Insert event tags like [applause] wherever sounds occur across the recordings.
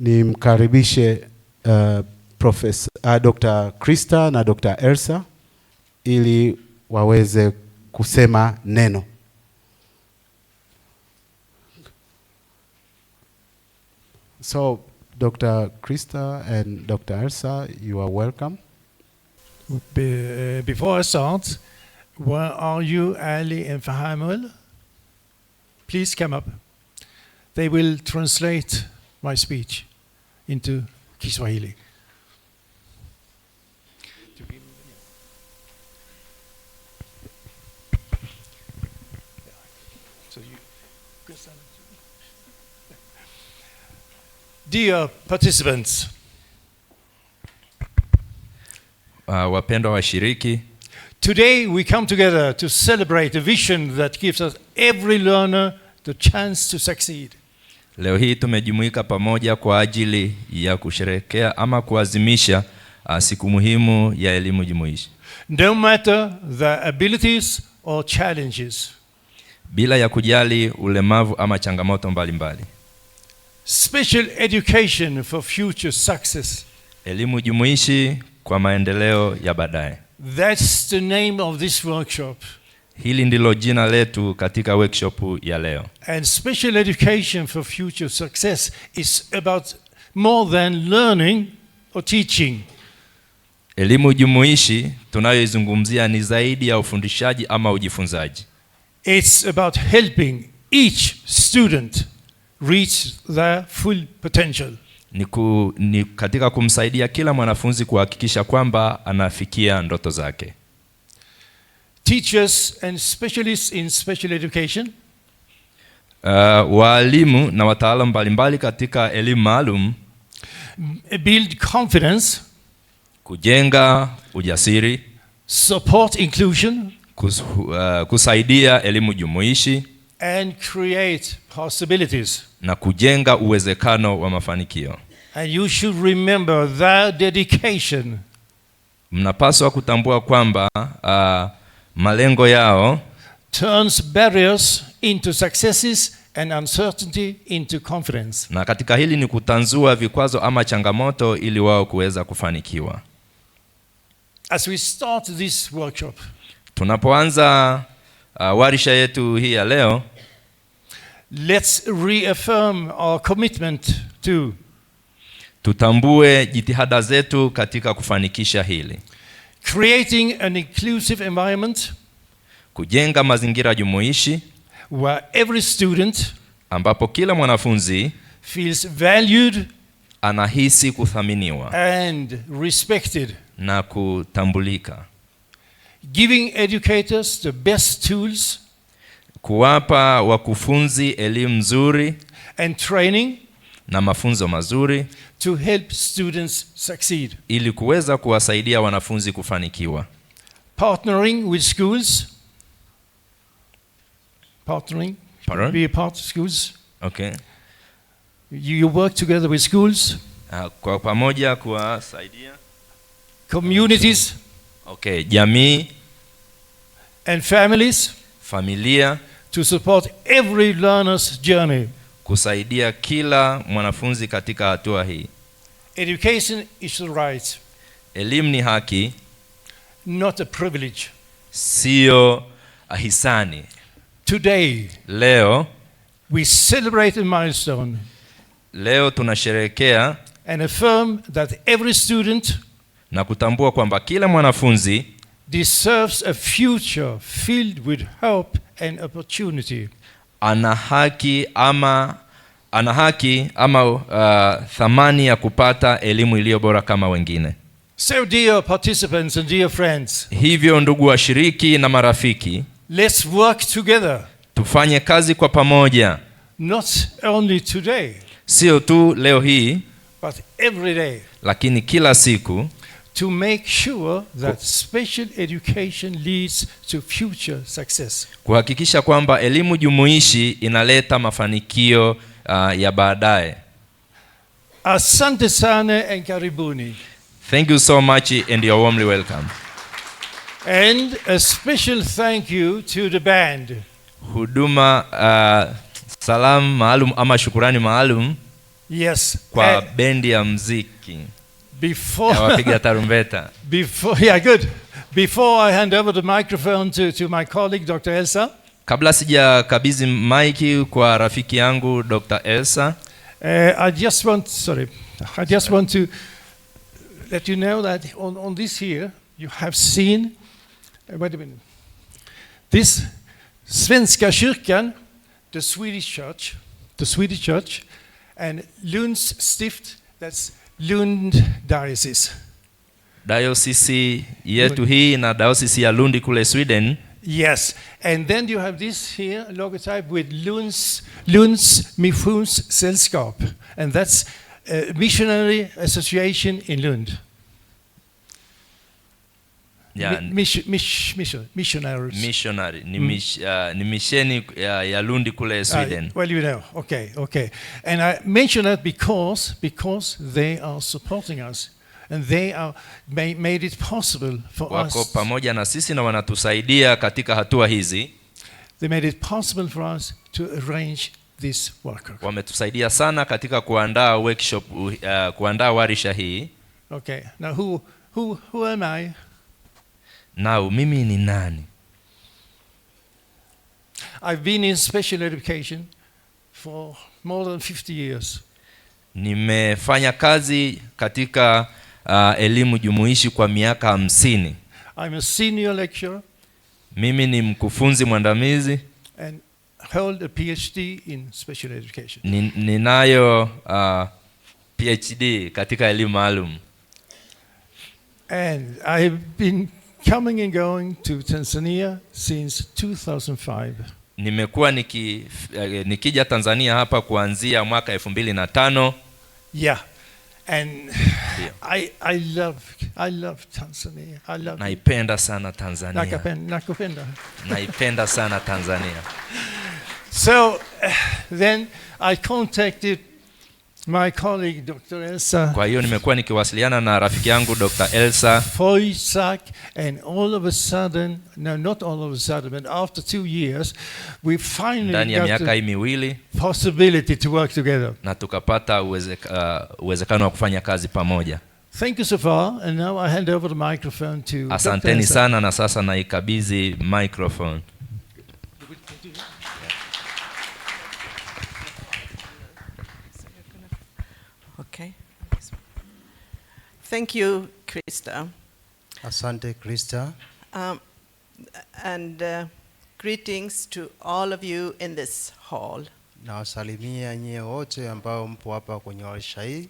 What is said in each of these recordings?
Nimkaribishe uh, profesa uh, Dr. Krista na Dr. Elsa ili waweze kusema neno. So, Dr. Krista and Dr. Elsa, you are welcome. Be, uh, before I start, where are you, Ali and Fahamul? Please come up. they will translate my speech into Kiswahili. Dear participants, uh, today we come together to celebrate a vision that gives us every learner the chance to succeed. Leo hii tumejumuika pamoja kwa ajili ya kusherehekea ama kuazimisha uh, siku muhimu ya elimu jumuishi. No matter the abilities or challenges. Bila ya kujali ulemavu ama changamoto mbalimbali. Special education for future success. Elimu jumuishi kwa maendeleo ya baadaye. That's the name of this workshop. Hili ndilo jina letu katika workshop ya leo. And special education for future success is about more than learning or teaching. Elimu jumuishi tunayoizungumzia ni zaidi ya ufundishaji ama ujifunzaji. It's about helping each student reach their full potential. Ni, ku, ni katika kumsaidia kila mwanafunzi kuhakikisha kwamba anafikia ndoto zake teachers and specialists in special education, uh, waalimu na wataalam mbalimbali katika elimu maalum, build confidence, kujenga ujasiri, support inclusion, kus, uh, kusaidia elimu jumuishi and create possibilities, na kujenga uwezekano wa mafanikio. And you should remember their dedication. Mnapaswa kutambua kwamba uh, malengo yao turns barriers into successes and uncertainty into confidence. Na katika hili ni kutanzua vikwazo ama changamoto ili wao kuweza kufanikiwa. As we start this workshop, tunapoanza uh, warisha yetu hii ya leo, let's reaffirm our commitment to, tutambue jitihada zetu katika kufanikisha hili. Creating an inclusive environment, kujenga mazingira jumuishi where every student ambapo kila mwanafunzi feels valued, anahisi kuthaminiwa and respected, na kutambulika. Giving educators the best tools, kuwapa wakufunzi elimu nzuri and training na mafunzo mazuri to help students succeed. Ili kuweza kuwasaidia wanafunzi kufanikiwa. Partnering with schools. Partnering. Pardon? Be a part of schools. Okay. You, you work together with schools. Ah, kwa pamoja kuwasaidia. Communities. Okay, jamii. And families. Familia. To support every learner's journey kusaidia kila mwanafunzi katika hatua hii. Education is the right. Elimu ni haki. Not a privilege. Sio hisani. Today, leo we celebrate a milestone. Leo tunasherehekea and affirm that every student na kutambua kwamba kila mwanafunzi deserves a future filled with hope and opportunity ana haki ama ana haki ama uh, thamani ya kupata elimu iliyo bora kama wengine. So dear participants and dear friends, hivyo ndugu washiriki na marafiki, let's work together, tufanye kazi kwa pamoja, not only today, sio tu leo hii, but every day, lakini kila siku to make sure that special education leads to future success. Kuhakikisha kwamba elimu jumuishi inaleta mafanikio uh, ya baadaye. Asante sana and karibuni. Thank you so much and you're warmly welcome. And a special thank you to the band. Huduma uh, salamu maalum ama shukurani maalum yes, kwa bendi ya mziki. Before Jag fick get un beta. Before, yeah, good. Before I hand over the microphone to, to my colleague Dr. Elsa. Kabla kabizi maiki kwa rafiki yangu Dr. Elsa. Uh, I just want, sorry, I just want to let you know that on, on this here you have seen. Uh, wait a minute. This Svenska kyrkan, the Swedish church, the Swedish church, and Lunds stift, that's Lund diocese. Diocese yetu hii na diocese ya Lund kule Sweden. Yes, and then you have this here logotype with Lunds, Lunds Mifun's Missionssällskap, and that's a uh, missionary association in Lund. yeah, mish, mish, mission, missionaries. Missionary. Ni, mm. mish, uh, ni misheni ya, uh, ya Lundi kule ah, Sweden. Uh, well, you know. Okay, okay. And I mention that because because they are supporting us and they are made it possible for wako us. pamoja na sisi na wanatusaidia katika hatua hizi. They made it possible for us to arrange this workshop. Wametusaidia sana katika kuandaa workshop uh, kuandaa warisha hii. Okay. Now who who who am I? nao mimi ni nani? I've been in special education for more than 50 years. Nimefanya kazi katika uh, elimu jumuishi kwa miaka hamsini. I'm a senior lecturer. Mimi ni mkufunzi mwandamizi. And hold a PhD in special education. ninayo uh, PhD katika elimu maalum. And I've been coming and going to Tanzania since 2005. Nimekuwa niki, eh, nikija Tanzania hapa kuanzia mwaka 2005. Yeah. And [sighs] I, I love, I love Tanzania. I love naipenda sana Tanzania. Nakupenda. nakupenda. naipenda sana Tanzania. [laughs] So uh, [sighs] then I contacted my colleague Dr. Elsa. Kwa hiyo nimekuwa nikiwasiliana na rafiki yangu Dr. Elsa Foysak and all of a sudden, no not all of a sudden, but after two years we finally got ya miaka miwili possibility to work together. Na tukapata uh, uwezekano uh, wa kufanya kazi pamoja. Thank you so far and now I hand over the microphone to Asanteni sana na sasa naikabidhi microphone. Thank you, Krista. Asante, Krista. Um, and uh, greetings to all of you in this hall. Nawasalimia nyie wote ambao mpo hapa kwenye warsha hii.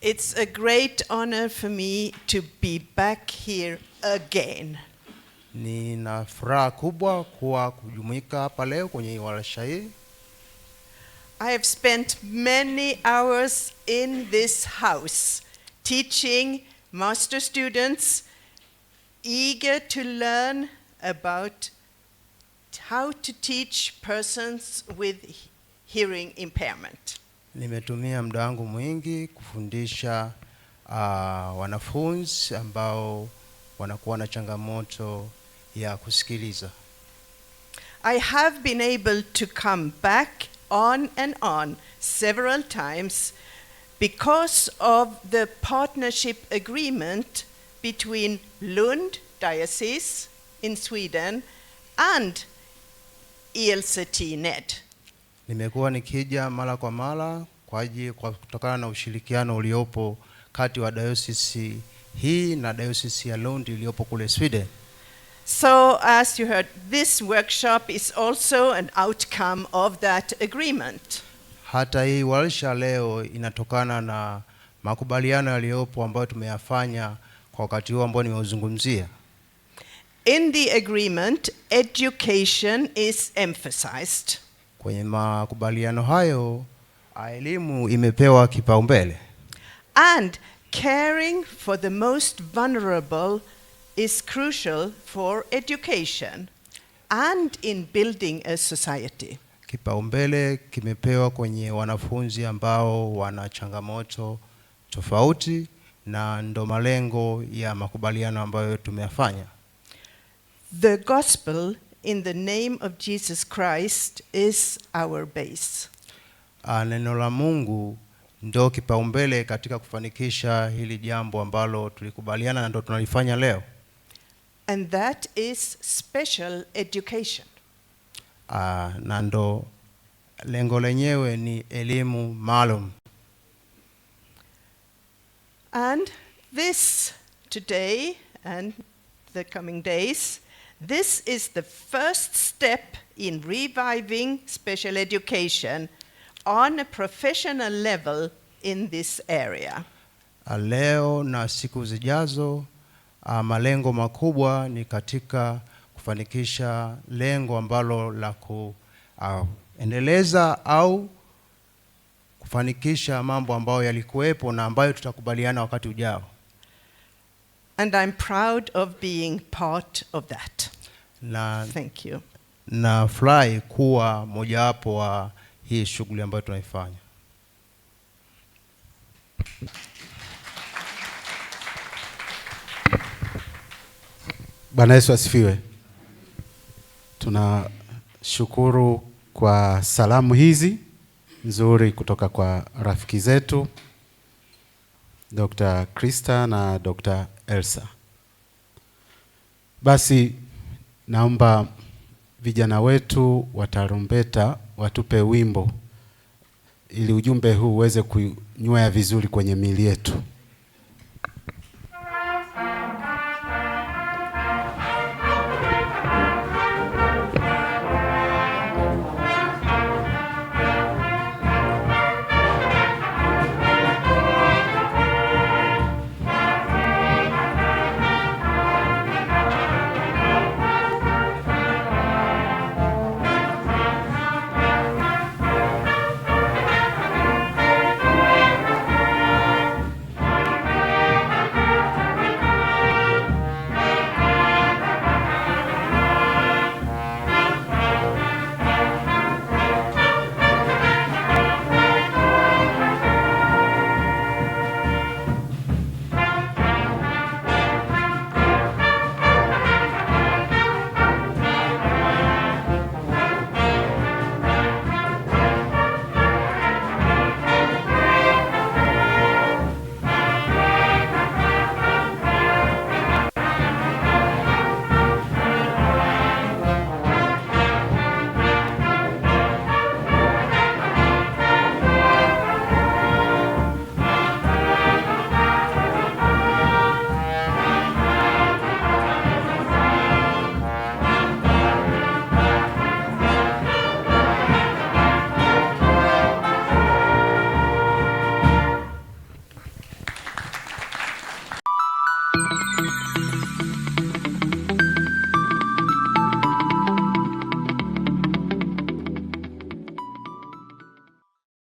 It's a great honor for me to be back here again. Nina furaha kubwa kuwa kujumuika hapa leo kwenye warsha hii. I have spent many hours in this house teaching master students eager to learn about how to teach persons with hearing impairment. Nimetumia muda wangu mwingi kufundisha uh, wanafunzi ambao wanakuwa na changamoto ya kusikiliza. I have been able to come back on and on several times because of the partnership agreement between Lund Diocese in Sweden and ELCT-NET. Nimekuwa nikija mara kwa mara kwa ajili kwa kutokana na ushirikiano uliopo kati wa diocese hii na diocese ya Lund iliyopo kule Sweden. So as you heard, this workshop is also an outcome of that agreement. Hata hii warsha leo inatokana na makubaliano yaliyopo ambayo tumeyafanya kwa wakati huo ambao nimeuzungumzia. In the agreement, education is emphasized. Kwenye makubaliano hayo ah, elimu imepewa kipaumbele. And caring for the most vulnerable is crucial for education and in building a society. Kipaumbele kimepewa kwenye wanafunzi ambao wana changamoto tofauti na ndo malengo ya makubaliano ambayo tumeyafanya. The gospel in the name of Jesus Christ is our base. Ah, neno la Mungu ndo kipaumbele katika kufanikisha hili jambo ambalo tulikubaliana na ndo tunalifanya leo. And that is special education uh, na ndo lengo lenyewe ni elimu maalum. And this today and the coming days this is the first step in reviving special education on a professional level in this area. Ah, leo na siku zijazo, uh, malengo makubwa ni katika kufanikisha lengo ambalo la kuendeleza au kufanikisha mambo ambayo yalikuwepo na ambayo tutakubaliana wakati ujao. And I'm proud of being part of that. Na, Thank you. Nafurahi kuwa mojawapo wa hii shughuli ambayo tunaifanya. Bwana Yesu asifiwe. Tunashukuru kwa salamu hizi nzuri kutoka kwa rafiki zetu Dr. Krista na Dr. Elsa. Basi naomba vijana wetu watarumbeta watupe wimbo ili ujumbe huu uweze kunywea vizuri kwenye miili yetu.